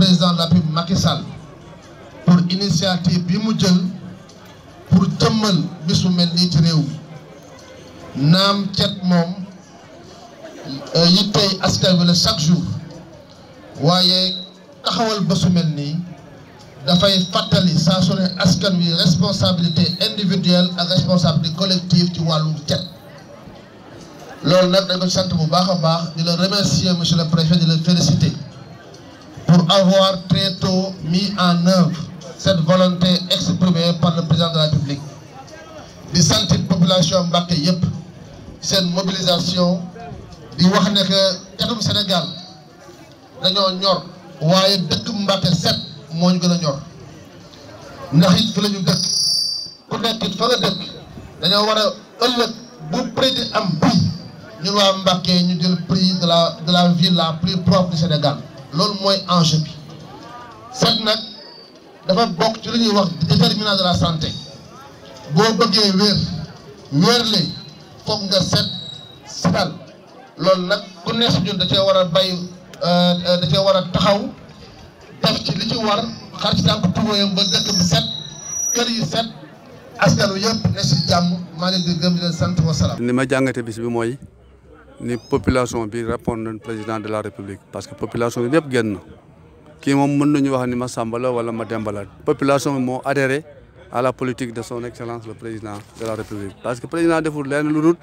président de la République pour initiative bi mu jël pour jëmmal bisu mel nii ci réew mi naam cet moom euh, yittey askan wi la chaque jour waaye taxawal ba mel nii dafay fàttali saa su ne askan wi responsabilité individuelle ak responsabilité collective ci wàllu cet loolu nag dañ ko sant bu baax a baax di la remercier monsieur le préfet di la féliciter pour avoir très tôt mis en œuvre cette volonté exprimée par le président de la République di sant population Mbacké yëpp seen mobilisation di wax ne que Sénégal dañoo ñor waaye dëkk Mbacké set moo ñu gën a ñor ndax it fi la dëkk ku nekk it nga dëkk dañoo war a ëllëg bu prix di am prix ñun waa Mbacké ñu jël prix la de la ville la plus propre du Sénégal loolu mooy enge bi set nag dafa bokk ci lu ñuy wax déterminant de la santé boo bëggee wér wérle foog nga set setal loolu nag ku ne si ñun da cee war a bay euh, da cee war a taxaw def ci li ci war xar ci tànk tubayam ba dëkk bi set kër yi set askan wi yëpp ne si jàmm maa leen di gëm di leen sant wa salaam. li ma jàngate bis bi mooy. ni population bi répondre nañ président de la république parce que population bi yëpp génn ki moom mën nañu wax ni ma Samba la wala ma Demba la population bi moo adhéré à la politique de son excellence le président de la république parce que président deful leen lu dul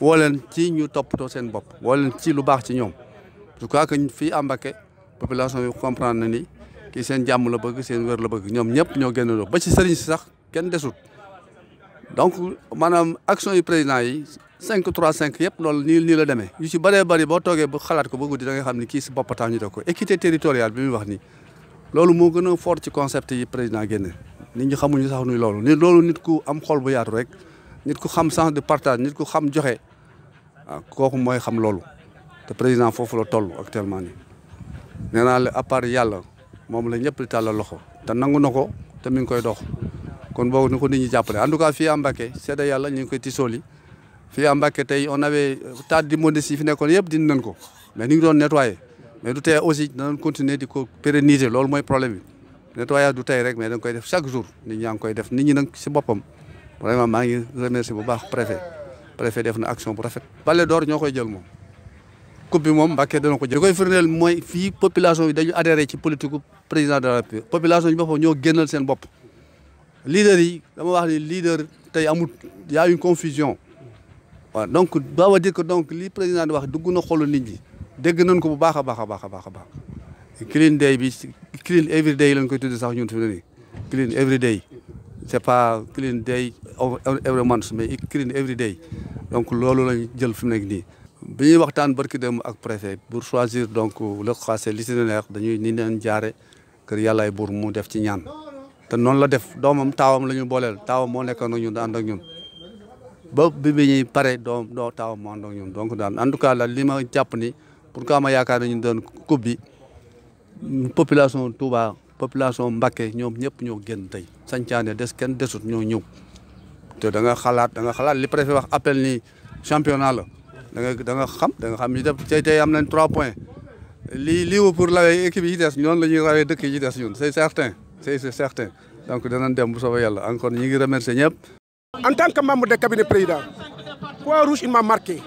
woo leen ci ñu toppatoo seen bopp woo leen ci lu baax ci ñoom je crois que fii à Mbacké population bi comprendre ni kii seen jàmm la bëgg seen wér la bëgg ñoom ñëpp ñoo génn ba ci sëriñ si sax kenn desut donc maanaam action yu président yi cinq trois cinq yëpp loolu nii nii la demee yu ci bëree bëri boo toogee ba xalaat ko ba guddi da nga xam ni kii si bopp tax ñu def ko équité territoriale bi muy wax nii loolu moo gën a fort ci concept yi président génne nit ñi xamuñu sax nuy loolu ni loolu nit ku am xol bu yaatu rek nit ku xam sens de nit ku xam joxe ah kooku mooy xam loolu te président foofu la toll actuellement ni nee naa la à part yàlla moom la ñëpp di tàllal loxo te nangu na ko te mi ngi koy dox kon boobu ni ko nit ñi jàppale en tout cas fii à Mbacké seede yàlla ñu ngi koy tisool yi fii tey on avait tas d'immondices yi fi nekkoon yëpp dindi nañ ko mais ni ngi doon nettoyer mais du tey aussi danañ continuer di ko pérenniser loolu mooy problème bi nettoyage du rek mais da koy def chaque jour nit ñaa ngi koy def nit ñi nag si boppam vraiment maa ngi remercier bu baax préfet préfet def na action bu rafet Ballé d'or ñoo koy jël moom coupe bi moom Mbacké dana ko jël koy mooy fii population bi dañu adhéré ci politique président de la République population seen bopp leader yi dama wax ni leader tey amul y a une confusion waaw donc ba wa dire que donc li président di wax dugg na xolu nit ñi dégg nañ ko bu baax a baax a baax a baax a baax clean day bi clean every day lañ koy tudd sax ñun fi mu ne nii clean every day c' est pas clean day every month mais clean every day donc loolu lañ jël fi mu nekk nii bi ñuy waxtaan barki dem ak préfet pour choisir donc le xaase li si dañuy ni neen jaare kër yàllaay buur mu def ci ñaan te noonu la def doomam taawam la ñu booleel taawam moo nekkoon ak ñun ànd ak ñun ba bi bi ñuy pare doom doo taawam moo ànd ak ñun donc daal en tout cas daal lii ma jàpp ni pour que ma yaakaar ne ñu doon coupe bi population Touba population Mbacké ñoom ñëpp ñoo génn tey sancaane des kenn desut ñoo ñëw te da nga xalaat da nga xalaat li préfet wax appel ni championnat la da nga da nga xam da nga xam ñu def tey tey am nañ trois points lii lii pour lawee équipe yi des ñoonu la ñuy rawee dëkk yi des ñun c'est certain c'est certain donc danañ dem bu soobee yàlla encore ñu gi remercier ñëpp. en tant que membre de cabinet président poids rouge il m'a marqué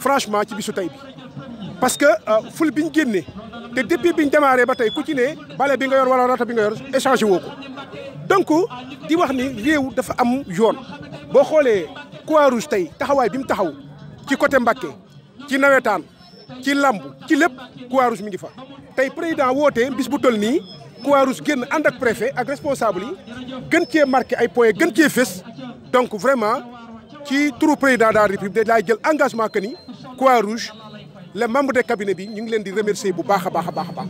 franchement ci bisu tey bi parce que euh, ful bi ñu génnee te depuis bi ñu démarré ba tey ku ci ne bale bi nga yor wala rata bi nga yor échangé woo ko donc di wax ni réew dafa am yoon. boo xoolee poids rouge tey taxawaay bi mu taxaw ci côté Mbacké ci nawetaan ci lamb ci lépp poids rouge mi ngi fa tey président wootee bis bu toll nii. Croix-Rouge génn ànd ak préfet ak responsable yi gën cee marqué ay points gën cee fés donc vraiment ci turu président de la république daay jël engagement que ni Croix-Rouge les membres de cabinet bi ñu ngi leen di remercier bu baax a baax a baax a baax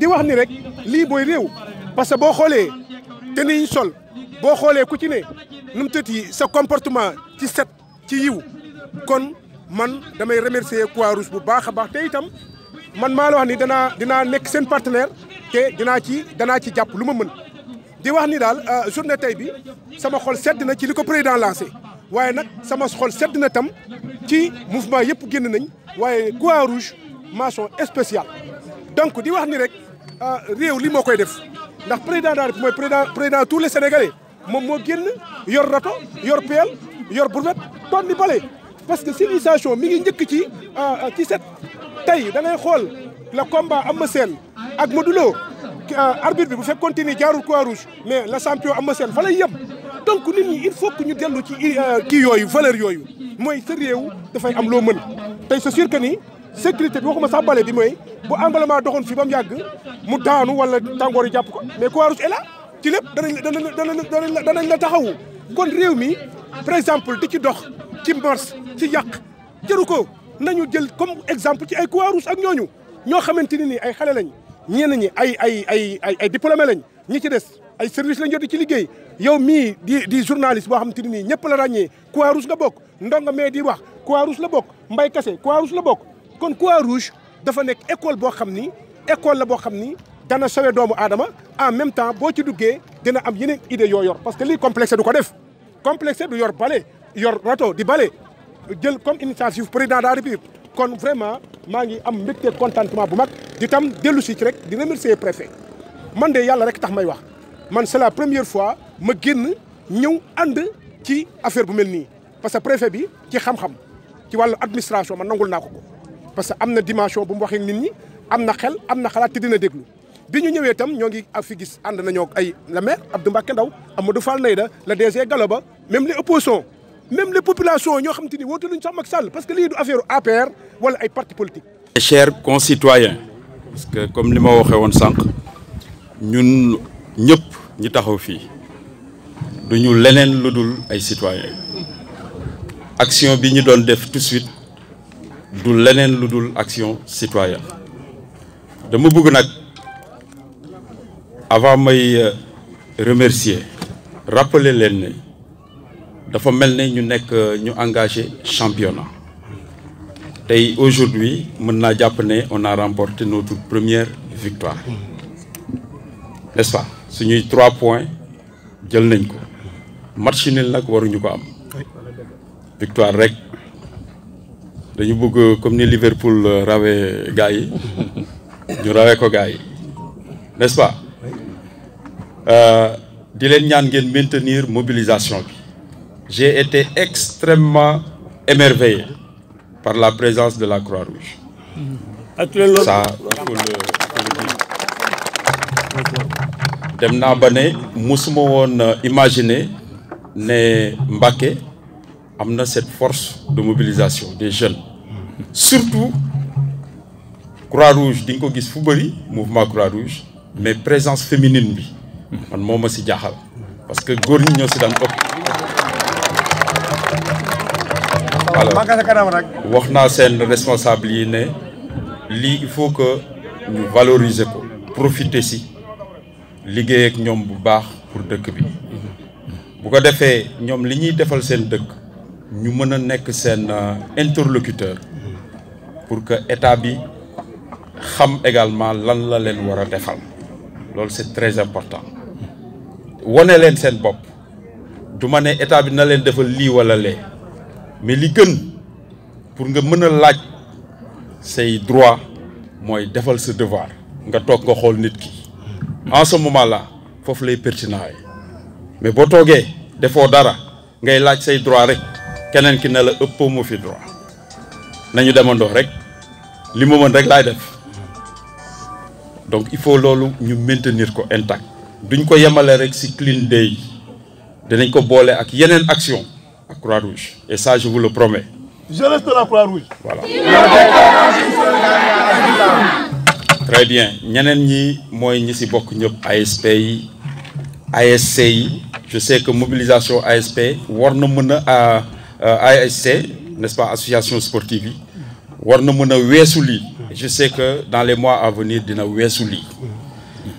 di wax ni rek lii booy réew parce que boo xoolee te niñ sol boo xoolee ku ci ne nu mu tëti sa comportement ci set ci yiw kon man damay remercier Croix-Rouge bu baax a baax te tam man maa la wax ni danaa dinaa nekk seen partenaire te danaa ci danaa ci jàpp lu ma mën di wax ni daal euh, journée tey bi sama xol sedd na ci li ko président lancé waaye nag sama xol sedd na tam ci mouvement yëpp génn nañ waaye croix rouge mention spéciale donc di wax ni rek euh, réew li moo koy def ndax président daal mooy président président tous les sénégalais moom moo génn yor rato yor peel yor bourbet toon ni bale parce que civilisation mi ngi njëkk ci euh, ci set tey da ngay xool la combat am ma seen ak Modou Lo euh, arbitre bi bu fekk continuer jaarul croix rouge mais la champion Eumeu Sène fa lay yem donc nit ñi il faut que ñu dellu ci euh, kii yooyu valeur yooyu mooy sa réew dafay am loo mën tey c'est sûr que ni sécurité bi waxuma sax bale bi mooy bu embalement doxoon fii ba mu yàgg mu daanu wala tàngoor yi jàpp ko mais croix rouge ci lépp danañ danañ danañ la taxawu kon réew mi par exemple di ci dox ci mars ci yàq jëru ko nañu jël comme exemple ci ay croix ak ñooñu ñoo xamante ni nii ay xale lañ ñenn ñi ay ay ay ay ay diplômé lañ ñi ci des ay service lañ jot ci liggéey yow mii di di journaliste boo xam te ne nii ñëpp la ràññee croix rouge nga bokk ndongo mais di wax croix rouge la bokk mbay kase croix la bokk kon croix rouge dafa nekk école boo xam ni école la boo xam ni dana sowe doomu aadama en même temps boo ci duggee dina am yeneen idée yoo yor parce que lii complexe du ko def complexe du yor bale yor rato di bale jël comme initiative président de la kon vraiment maa ngi am mbégte contentement bu mag di tam dellu si ci rek di remercier préfet man de yàlla rek tax may wax man c'est la première fois ma génn ñëw ànd ci affaire bu mel nii parce que préfet bi ci xam-xam ci wàll administration ma nangul naa ko ko parce que am na dimension bu mu waxee nit ñi am na xel am na xalaat te dina déglu bi ñu ñëwee tam ñoo ngi fi gis ànd nañoo ay la maire Abdou Mbacké Ndaw Amadou Fall da la DG Gallo Ba même les opposants même les populations ñoo xamante ni woote nañu sax Macky Sall parce que lii du affaire APR wala ay parti politique. chers concitoyens parce que comme ni ma waxee woon sànq ñun ñëpp ñi taxaw fii du ñu leneen lu dul ay citoyens action bi ñu doon def tout suite du leneen lu dul action citoyenne dama bugg nag avant may euh, remercier rappeler leen ne. dafa mel ni ñu nekk euh, ñu engagé championnat tey aujourd'hui mën naa jàpp ne on a remporté notre première victoire n'est-ce pas suñuy trois points jël nañ ko match nul nag waruñu ko am victoire rek dañu bugg comme ni Liverpool euh, rawee gars yi ñu rawee ko gars yi n'est-ce pas euh, di leen ñaan ngeen maintenir mobilisation bi j'ai été extrêmement émerveillé par la présence de la Croix-Rouge. dem naa ba ne musuma woon euh, imaginé ne Mbacké am na cette force de mobilisation des jeunes surtout Croix-Rouge di nga ko gis fu bëri mouvement Croix-Rouge mais présence féminine bi man moo ma si jaaxal parce que góor ñi ñoo si daan ëpp alors wax naa seen responsable yi ne lii il faut que ñu valoriser ko profité si liggéey ak ñoom bu baax pour dëkk bi bu ko defee ñoom li ñuy defal seen dëkk ñu mën a nekk seen euh, interlocuteur pour que état bi xam également lan la leen war a defal loolu c'est très important wone leen seen bopp du ma ne état bi na leen defal lii wala lee mais li gën pour nga mën a laaj say droit mooy defal sa devoir nga toog nga xool nit ki en ce moment foofu lay pertinent yi mais boo toogee defoo dara ngay laaj say droit rek keneen ki ne la ëppoo ma fi droit nañu demandoo rek li ma rek laay def donc il faut loolu ñu maintenir ko intact duñ ko yemale rek si clean day dinañ ko boole ak yeneen action à Croix-Rouge. Et ça, je vous le promets. Jeunesse de la Croix-Rouge. Voilà. très bien ñeneen ñi mooy ñi si bokk ñëpp ASP yi ASC yi je sais que mobilisation ASP war na mën a euh, euh, ASC n'est-ce pas association sportive yi war na mën a weesu lii je sais que dans les mois à venir dina weesu lii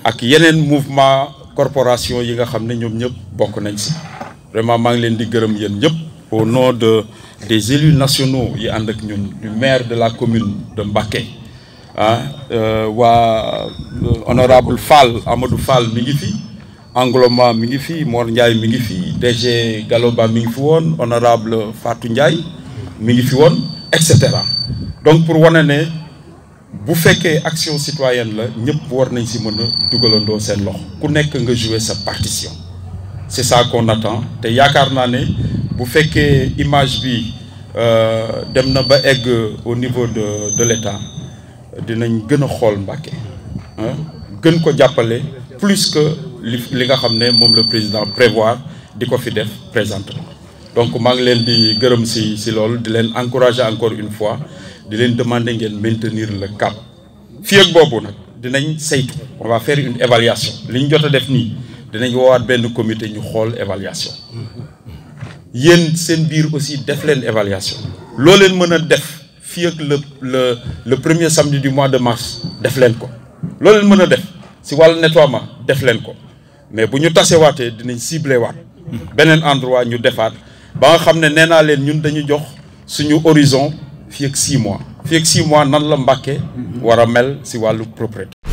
ak yeneen mouvement corporation yi nga xam ne ñoom ñëpp bokk nañ ci vraiment maa ngi leen di gërëm yéen ñëpp au nom de des élus nationaux yi ànd ak ñun du maire de la commune de Mbacké ah euh, waa euh, honorable Fall Amadou Fall mi ngi fi Angloma mi ngi fi Mor Ndiaye mi ngi fi DG Galoba mi ngi fi woon honorable Fatou Ndiaye mi ngi fi woon et cetera donc pour wane ne bu fekkee action citoyenne la ñëpp war nañ si mën a dugalandoo seen loxo ku nekk nga jouer sa partition c'est ça qu'on attend te yaakaar naa ne bu fekkee image bi euh, dem na ba egg au niveau de de l'État dinañ gën a xool Mbacké gën ko jàppale plus que li li nga xam ne moom la président prévoir di ko fi def présentement donc maa leen di gërëm si si loolu di leen encourager encore une fois di leen demander ngeen maintenir la cap fii ak boobu nag dinañ saytu on va une évaluation li ñu jot a def nii dinañ woowaat benn commité ñu xool évaluation yéen seen biir aussi def leen évaluation loo leen mën a def fii ak le le le premier samedi du mois de mars def leen ko loo leen mën a def si wàll wàllu ma def leen ko mais bu ñu waatee dinañ ciblé waat beneen endroit ñu defaat ba nga xam ne nee naa leen ñun dañu jox suñu horizon fii ak mois fii ak mois nan la Mbàkke war a mel si wàllu propriété